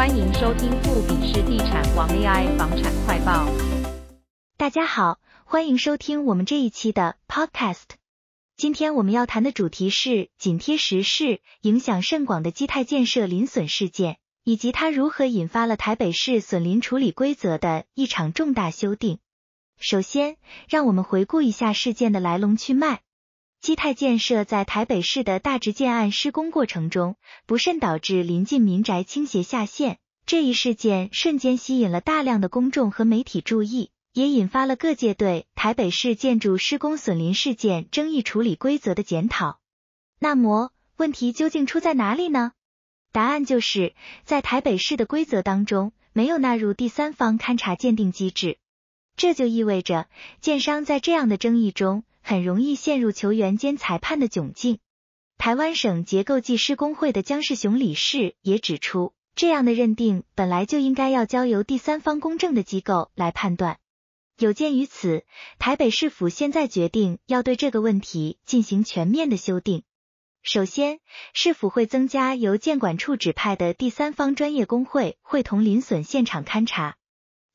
歡迎收聽富比士地產王 AI 房產快報。大家好，歡迎收聽我們這一期的 Podcast。今天我們要談的主題是緊貼時事、影響甚廣的基泰建設鄰損事件，以及它如何引發了台北市損鄰處理規則的一場重大修訂。首先，讓我們回顧一下事件的來龍去脈。基泰建設在台北市的大直建案施工過程中，不慎導致鄰近民宅傾斜下陷。這一事件瞬間吸引了大量的公眾和媒體注意，也引發了各界對台北市建築施工損鄰事件爭議處理規則的檢討。那麼，問題究竟出在哪裡呢？答案就是在台北市的規則當中沒有納入第三方勘查鑑定機制，這就意味着建商在這樣的爭議中。很容易陷入球員兼裁判的窘境。台灣省結構技師工會的江世雄理事也指出，這樣的認定本來就應該要交由第三方公正的機構來判斷。有鑑於此，台北市府現在決定要對這個問題進行全面的修訂。首先，市府會增加由建管處指派的第三方專業工會，會同鄰損現場勘查。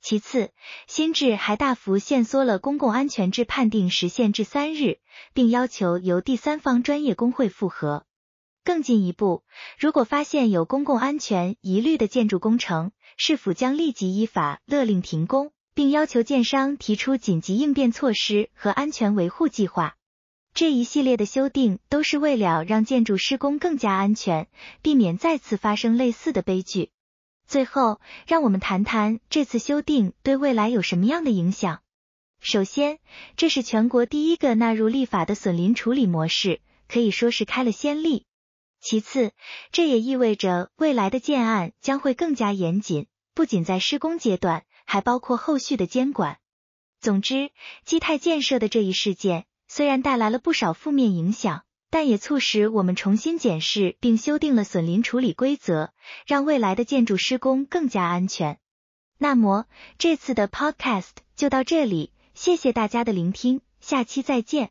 其次，新制還大幅限縮了公共安全制判定時限至三日，並要求由第三方專業工會複核。更進一步，如果發現有公共安全疑慮的建築工程，市府將立即依法勒令停工，並要求建商提出緊急應變措施和安全維護計劃。這一系列的修訂都是為了讓建築施工更加安全，避免再次發生類似的悲劇。最後，讓我們談談這次修訂對未來有什麼樣的影響。首先，這是全國第一個納入立法的損鄰處理模式，可以說是開了先例。其次，這也意味着未來的建案將會更加嚴謹，不僅在施工階段，還包括後續的監管。總之，基泰建設的這一事件雖然帶來了不少負面影響。但也促使我們重新檢視並修訂了損鄰處理規則，讓未來的建築施工更加安全。那麼，這次的 Podcast 就到這裡，謝謝大家的聆聽，下期再見。